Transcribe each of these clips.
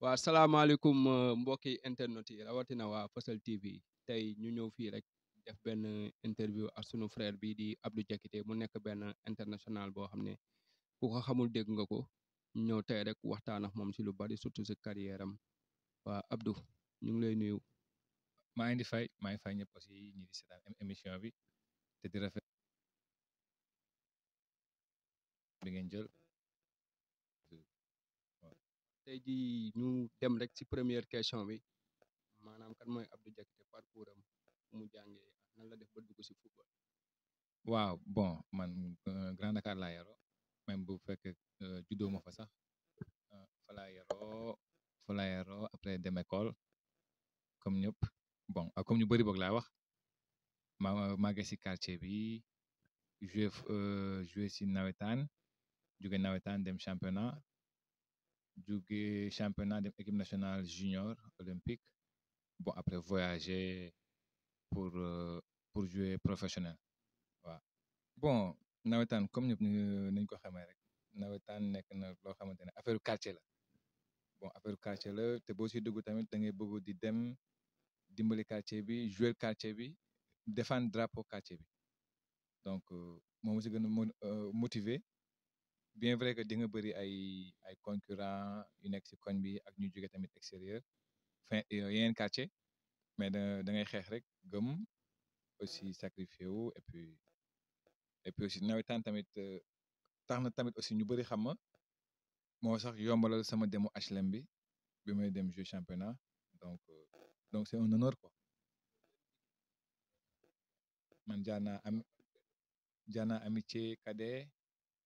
waa salaamaaleykum euh, mbokki internet yi rawatina waa Fësël TV tey ñu ñëw fii rek def benn interview ak sunu frère bii di Abdou Diakité mu nekk benn international boo xam ne ku ko xamul dégg nga ko ñu ñëw tey rek waxtaan ak moom si lu bari surtout si carrière am waa ñu ngi lay nuyu. maa ngi di fay maa ngi fay ñëpp aussi ñi di seetaan émission bi te di rafet bi ngeen tay di ñu dem rek ci première question bi maanaam kan mooy Abdou Diakité parcours am mu jàngee nan la def ba dugg ci football. waaw bon man euh, Grand Dakar laa yaroo même bu fekkee euh, juddoo ma fa sax euh, fa laa yaroo fa laa yaroo après dem école comme ñëpp bon ak comme ñu bëri boog laa wax ma màggee ci quartier bi joué joué ci nawetaan jóge nawetaan dem championnat jóge championnat dem équipe nationale junior olympique bon après voyager pour euh, pour jouer professionnel voilà bon nawetaan comme nous nañ ko xamee rek nawetaan nekk na loo xamante affaire affaire quartier bon affaire quartier la te boo de dugg tamit da ngay bëgg di dem dimbali quartier bi jouer quartier bi défendre drapeau quartier bi donc euh, moo ma si euh, motivé bien vrai que dinga nga ay ay concurrent yu ex si koñ bi ak ñu jóge tamit extérieur fin yeen quartier mais da da ngay xex rek gëm aussi sacrifié wu et puis et puis aussi nawetaan tamit euh, tax na tamit aussi ñu bëri xam ma moo sax yombalal sama demu HLM bi bi may dem jeu championnat donc euh, donc c'est un honneur quoi man jaar naa am jaar naa amitié cadet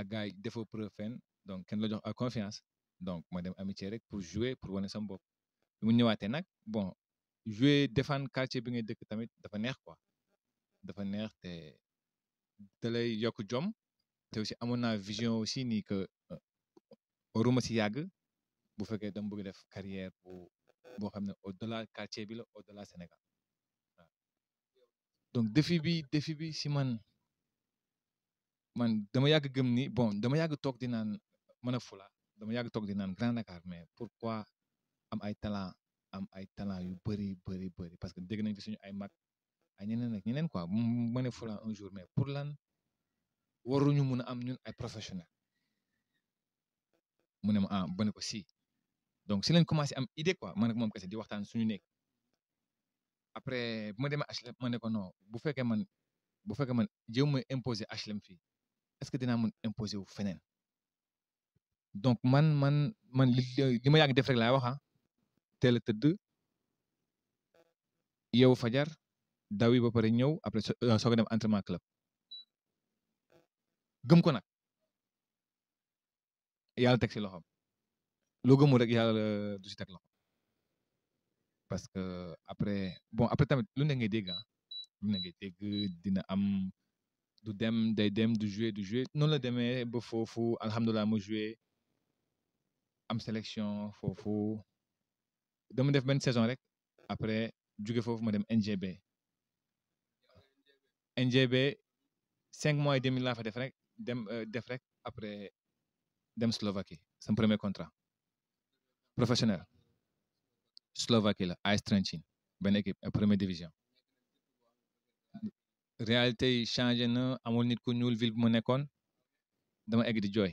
ak gars yi defoo preuve fenn donc kenn la jox ak confiance donc ma dem amitié rek pour jouer pour wane sama bopp bi mu ñëwaatee nag bon jouer défendre quartier bi ngay dëkk tamit dafa neex quoi dafa neex te da lay yokk jom te aussi amoon naa vision aussi ni que euh, waruma si yàgg bu fekkee dama bëgg def carrière bu boo xam ne au delà quartier bi la au delà Sénégal donc défi bi défi bi si man man dama yàgg gëm ni bon dama yàgg toog di naan mën a fula dama yàgg toog di naan Grand Dakar mais pourquoi am ay talent am ay talent yu bëri bëri bëri parce que dégg nañ fi suñu ay mag ay ñeneen ak ñeneen quoi mën a fula un jour mais pour lan waruñu mun a am ñun ay professionnel mu ne ma ah ba ne ko si donc si lañ commencé am idée quoi man ak moom kese di waxtaan suñu nekk après bu ma demee HLM ma ne ko non bu fekkee man bu fekkee man jéem a imposer HLM fii est-ce que dinaa mun imposer wu donc man man man li li ma yàgg def rek laa wax ah yow fajar dawi yi ba pare ñëw après euh, soo ko dem entraînement club gëm ko nag yàlla teg si loxoom loo gëmul rek yàlla euh, du si teg loxoom parce que euh, après bon après tamit lu ne ngay dégg ah lu ne dégg dina am du dem de dem du jouer du jouer non la nous avons joué. alhamdoulillah mo jouer am sélection def saison après nous fofu mo dem NGB NGB cinq mois et demi Nous fa def rek dem euh, def rek après dem Slovaquie premier contrat professionnel Slovaquie la AS équipe première division réalité yi changé na amul nit ko ñuul ville bu mu nekkoon dama egg di joy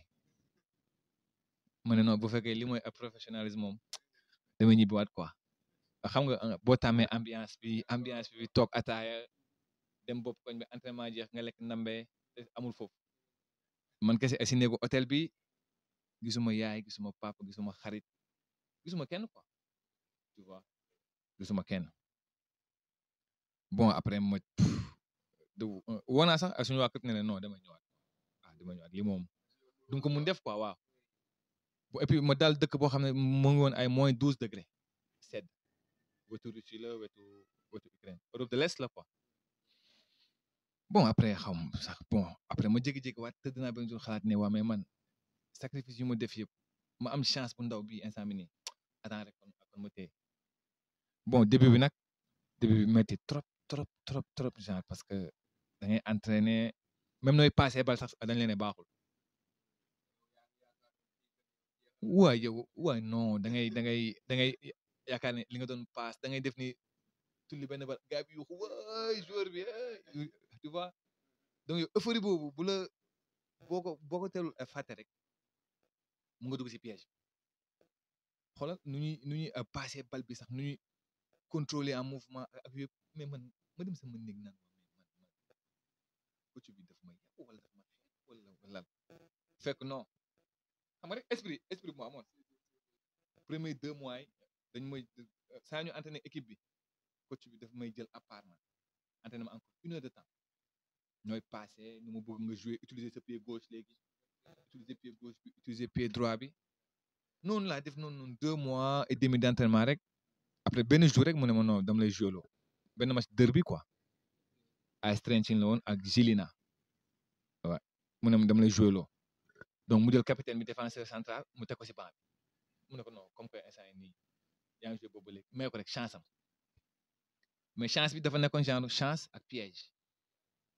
ma ne non bu fekkee li mooy ab professionnalisme moom dama ñibbiwaat quoi xam nga ah, boo tàmmee ambiance bi ambiance bi toog ataaya dem bopp koñ bi entraînement jeex nga lekk ndambe amul foofu man kese si néegu hôtel bi gisuma yaay gisuma papa gisuma xarit gisuma kenn quoi tu vois gisuma kenn bon après moj donc sax ak non dama ah dama quoi et puis ma de dëkk boo xam moins douze degré sedd wetu Russie la Ukraine Europe de l'Est la quoi bon après xam bon après ma jékki-jékki waat tëdd Je benn jour xalaat ne mais man sacrifice ma ma chance bu ndaw bi instant bi bon début bi début trop trop trop trop genre parce que da entraîner même noy passé bal sax dañ leen baaxul non da ngay da ngay da li nga doon passe da def ni tulli benn gars bi joueur bi tu vois donc yow euphorie boobu bu la boo ko eh, rek mu nga dugg piège xoolal nu ñuy nu euh, contrôler en mouvement mais man ma dem coach bi daf ma yàpp wala daf ma xeet wala wala fekk non xam nga rek esprit esprit bu ma amoon premier deux mois yi dañ may saa ñu entraîné équipe bi coach bi daf may jël appartement entraîné ma encore une heure de temps ñooy passé nu ma bëgg nga jouer utiliser sa pied gauche léegi utiliser pied gauche bi utiliser pied droit bi noonu laa def noonu noonu deux mois et demi d' entraînement rek après benn jour rek mu ne ma non dama lay jouer loo benn match derby quoi a Trencin la woon ak Gilina waaw mu ne dama lay joué loo donc mu jël capitaine bi défenseur central mu teg ko si banc bi mu ne ko non comme que instant yii nii yaa ko rek chance am mais chance bi dafa nekkoon genre chance ak piège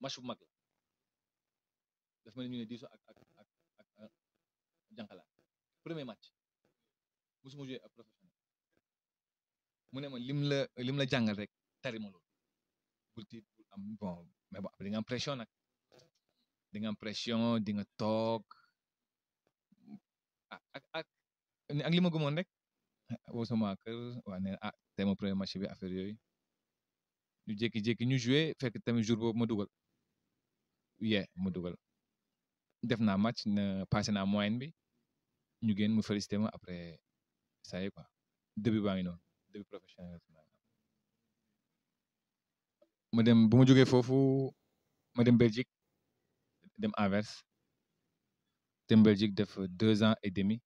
match bu mag la dafa mel ni ñu ak ak ak ak jànqala premier match musuma joué ak professionnel mu ne ma lim la lim la jàngal rek tari ma bon, may ba, dengan pression nak Dengan pressure, dengan talk. Ak, ak, ak, ang lima gumon rek. Wa sa maker, wa ne, ah, tay mo premier match bi affaire yoy Ñu jékki-jékki ñu jouer fekk tamit jour boobu ma dugal. Yeah, ma dugal. Def na match, na passé na moyenne bi. Ñu génn mu félicité ma après ça y est quoi. Début baa ngi noonu, début professionnel ma dem bu ma jógee Belgique dem Anvers dem Belgique def deux ans et demi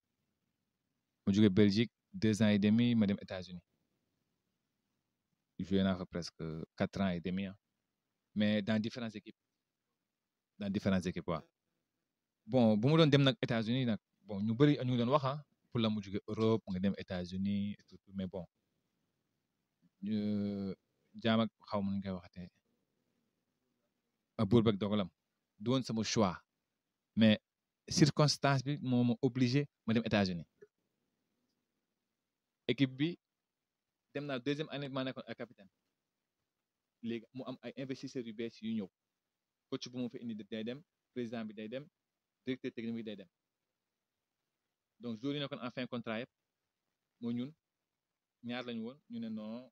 ma Belgique deux ans et demi Madame États-Unis joué naa fa presque quatre ans et demi hein. mais dans différentes équipes dans différentes équipes bon bu mu doon dem nag États-Unis nag bon ñu bëri ñu ngi wax hein, pour la mu jógee Europe nga États-Unis mais bon. jaam ak xaw ma nu ñu koy waxatee buur beeg dogalam du sama choix mais circonstance bi moo ma obligé ma dem États-Unis équipe bi dem naa deuxième année bi maa nekkoon ak capitaine léegi mu am ay investisseurs yu bees yu ñëw coach bu mu fa indi day dem président bi day dem directeur technique bi day dem donc jour yi nekkoon en fin contrat yëpp moo ñun ñaar lañu woon ñu ne non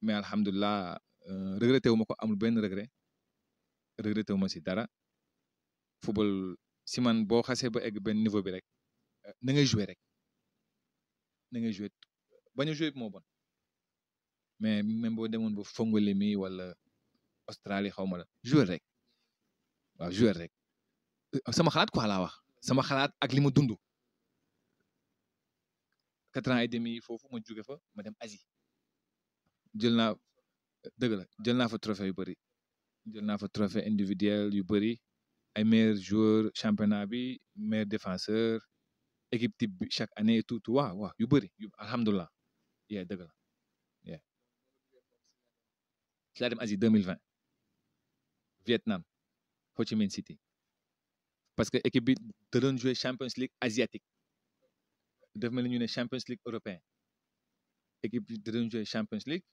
mais alhamdullah regretté wumako amul ben regret regretté wuma ci dara football si man bo xasse ba egg ben niveau bi rek na ngay jouer rek na ngay jouer bañ jouer mo bon mais même bo demone bo fongole mi wala Australie xawma la jouer rek wa jouer rek sama xalat quoi la wax sama xalat ak limu ma 4 ans et demi fofu ma jóge fa ma dem Asie. jël naa dëgg la jël naa fa trophée yu bëri jël naa fa trophée individuel yu bëri ay meilleurs joueurs championnat bi meilleur défenseur équipe type bi chaque année tout tout waaw yu bëri yu alhamdulilah yeah dëgg la yeah ci laa Vietnam Ho Chi City parce que équipe bi da doon jouer Champions League asiatique daf mel ni ñu ne Champions League européen équipe bi da doon Champions League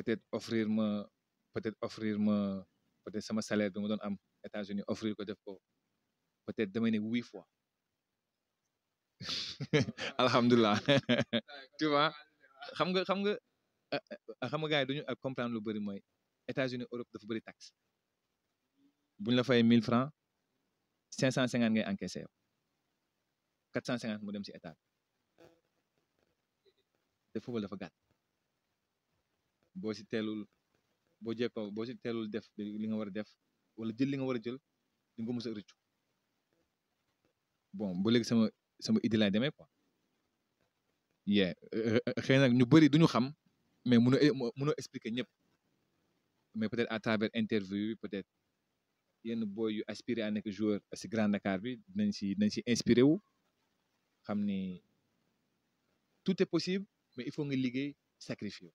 peut-être offrir me peut-être offrir me peut-être me salaire de ma don am États-Unis offrir ko def ko peut-être damay ne huit fois Alhamdulillah. tu vois xam nga xam nga euh, xam nga gars duñu comprendre lu bëri moy États-Unis Europe dafa bëri taxe buñ la fay mille francs cinq cent ngay encaisser 450 quatre cent mu dem si état de football dafa gàtt boo si teelul boo jekkoo boo si teelul def li nga def wala jël li nga jël bon ba sama mais expliquer mais peut-être à travers l'interview, peut-être yenn yu aspiré à joueur Grand Dakar bi tout est possible mais il faut nga sacrifier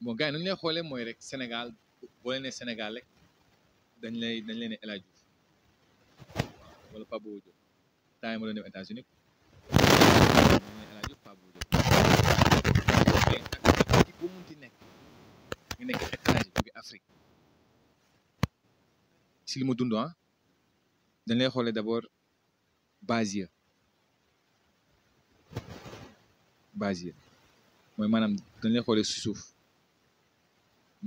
bon gars yi nañu lay xoolee mooy rek Sénégal boo leen nee Sénégal rek dañ lay dañ leen ne El wala Pape Bouba Diop temps yii ma doon dem États-Unis bu nekk nekk étranger jóge Afrique si li ma dund dañ lay xoolee d'abord base ya base ya mooy maanaam dañ lay xoolee suuf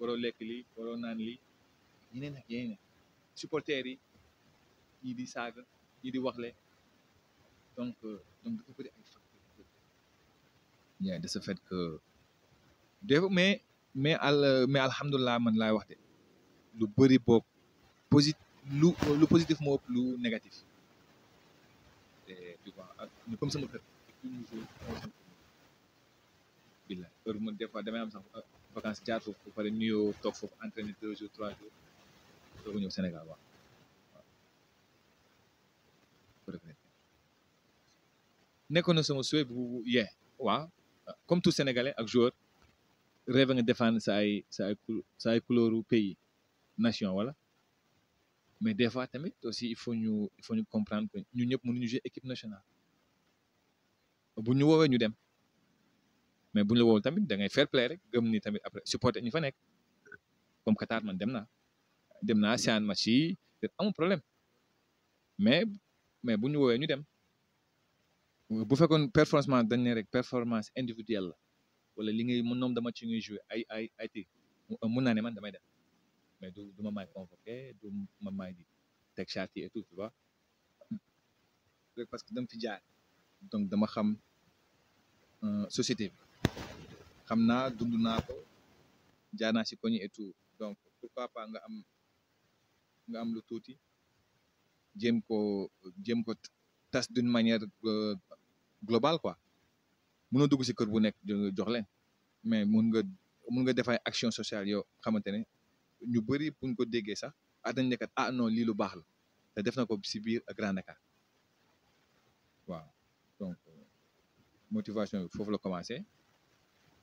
waroo lekk lii waroo naan lii yeneen ak yeneen supporters yi ñii di saaga ñii di waxle donc euh, donc dafa bëri ay facteurs bien de ce mais al mais alhamdulilah man laay wax de lu bëri boobu posit lu lu positif moo lu négatif te tu vois comme sama kër toujours billaay heure bu ma sax euh, vacances jaar foofu ba pare nuyoo top foofu entraîner deux jours trois jours doo ko ñëw Sénégal waaw nekkoon na sama souhait bu yee waaw comme tout Sénégalais ak joueur rêve de défendre sa ay sa ay sa pays nation wala mais des fois tamit aussi il faut ñu il faut ñu comprendre que ñun ñëpp mënuñu jouer équipe nationale bu ñu woowee ñu dem. mais bu ñu la woowu tamit da ngay fair play rek gëm ni tamit après supporter ñu fa nekk comme Qatar man dem na dem naa seen match yi amul problème mais mais bu ñu woowee ñu dem bu fekkoon performance dañ ne rek performance individuelle la wala li ngay noom dama ci ngay jouer ay ay ay ti mun naa ne man damay dem mais du du ma du ma maay di teg charte yi et parce que dama fi jaar donc dama xam euh, société xam naa dund naa ko jaanaa si koñi et tout donc pourquoi pas nga am nga am lu tuuti jéem ko jéem tas d'une manière euh, globale quoi mënoo dugg si kër bu nekk jox leen mais mun nga mun nga def action sociale yoo xamante ne ñu bëri buñ ko déggee sax ah dañ nekkat ah non lii lu baax la te def na ko si biir Grand Dakar waaw donc euh, motivation bi foofu la commencé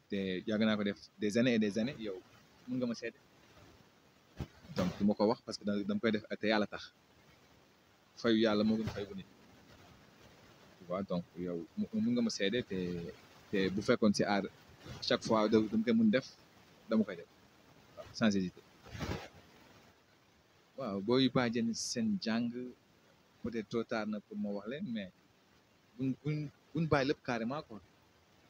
des années et des années yow mun nga ma donc tu parce que dama koy def te yàlla tax ne gën fay bu nit tu vois donc yow nga ma si te bu à chaque fois de koy je def def sans hésiter waaw pas peut-être trop tard pour wax mais on buñ carrément quoi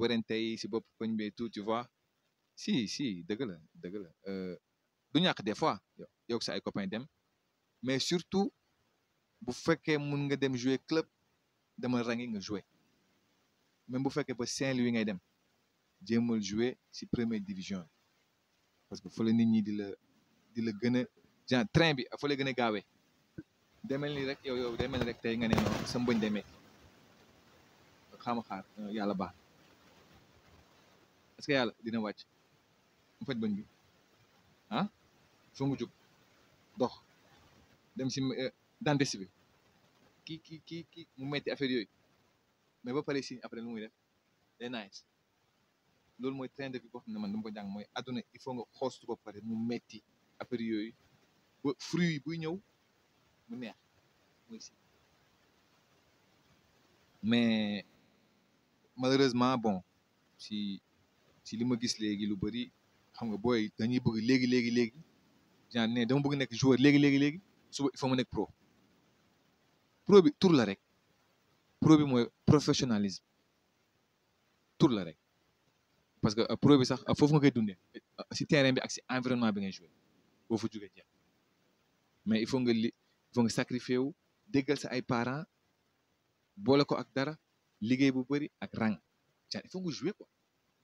wërante ci si bopp koñ tout tu vois si si deug la deug la euh du ñak des fois yow sa ay copains dem mais surtout bu fekkee mën nga dem jouer club dama rangé nga jouer même bu fekkee ba Saint-Louis ngay dem jéemal jouer ci première division parce que fa la nit ñi di la di la gën a train bi fa la gën a demel ni rek yow yow demel rek tay nga né noonu sa mbëñ demee xam xaar yàlla baax est-ce que yàlla dina wàcc mu faj bañ bi ah foo nga jóg dox dem si eh, dentiste bi kii kii kii kii mu metti affaire yooyu mais ba pare si après lu muy de day nice loolu mooy train de vie boo xam man dama ko jàng mooy àdduna il faut nga xoostu ba pare mu meti affaire yooyu ba fruit yi buy ñëw mu neex mooy si mais malheureusement bon si si li ma gis léegi lu bëri xam nga booy dañuy bëgg léegi léegi léegi genre ne dama bëgg nekk joueur léegi léegi léegi suba il faut ma nekk pro pro bi la rek pro bi mooy professionnalisme tur la rek parce que euh, pro bi sax euh, foofu nga koy dundee si terrain bi ak si environnement bi ngay joué boo fa jógee jeex mais il faut nga li il faut wu déggal sa ay parent boole ko ak dara liggéey bu bëri ak rang genre il faut nga joué quoi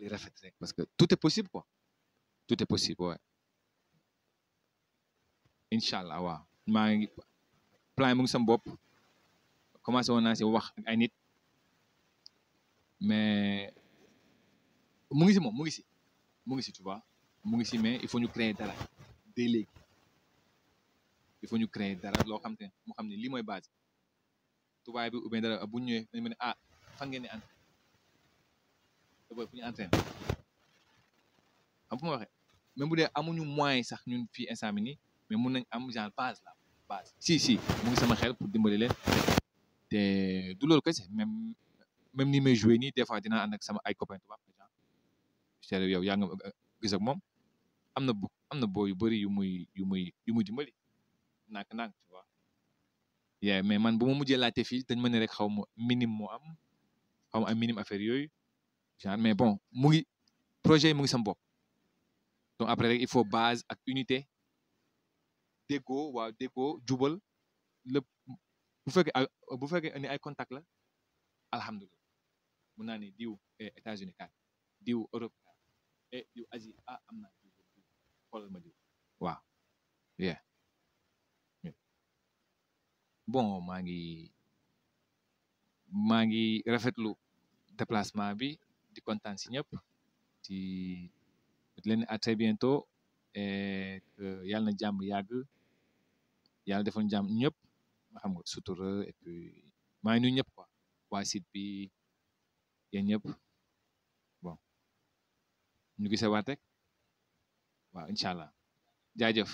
li rafet rek parce que tout est possible quoi tout est possible ouais inshallah wa waaw maa ngi plan mu ngi sam bopp commencé woon naa si wax ay nit mais mu ngi si moom mu ngi si mu ngi si tu vois mu si mais il faut ñu créer dara dès il faut ñu créer dara loo xam te mu xam ne lii mooy base tubaab bi ou bien dara bu ñu ñëwee dañu mën ah fan ngeen di te eh booy fu ñu entraîné am fu ma waxee même bu dee amuñu moyens sax ñu fii instant bi nii mais mun nañ am genre base la base si si mu ngi sama xel dimbali leen te du loolu kese même même ni may joué nii des dina dinaa ànd ay copain tubaab genre seere yow yaa nga gis ak moom am na bu am na boo yu bëri yu muy yu muy yu muy dimbali nànk nànk tu vois mais man bu ma mujjee laajte fii dañ ma ne rek xaw ma minime mo am xaw ma am minime affaire yooyu genre mais bon mu projet yi donc après il faut base ak unité déco waaw déco jubal le bu fekkee bu contact là alhamdulillah mon ami diou et eh, États-Unis kaay diou Europe et eh, diou Asie ah pour le diw ma yeah bon mangi ngi maa ngi rafetlu déplacement bi di kontaan si ñëpp di leen à très bientôt et yàlla na jàmm yàgg yàlla defoon jàmm ñëpp xam nga sutura et puis maa ñëpp quoi waa bi yéen ñëpp bon ñu gisee waat rek waaw incha allah jaajëf.